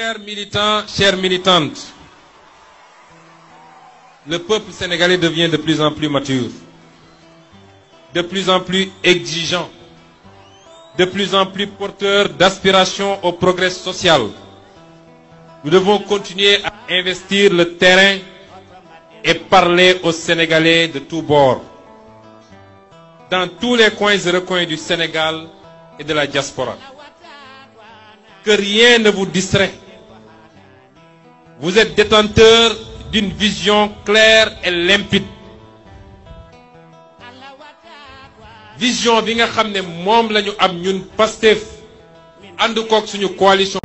Chers militants, chères militantes, le peuple sénégalais devient de plus en plus mature, de plus en plus exigeant, de plus en plus porteur d'aspirations au progrès social. Nous devons continuer à investir le terrain et parler aux Sénégalais de tous bords, dans tous les coins et recoins du Sénégal et de la diaspora. Que rien ne vous distrait vous êtes détenteur d'une vision claire et limpide. Vision vous savez, c'est ne de nous ñu nous ñun Pastef coalition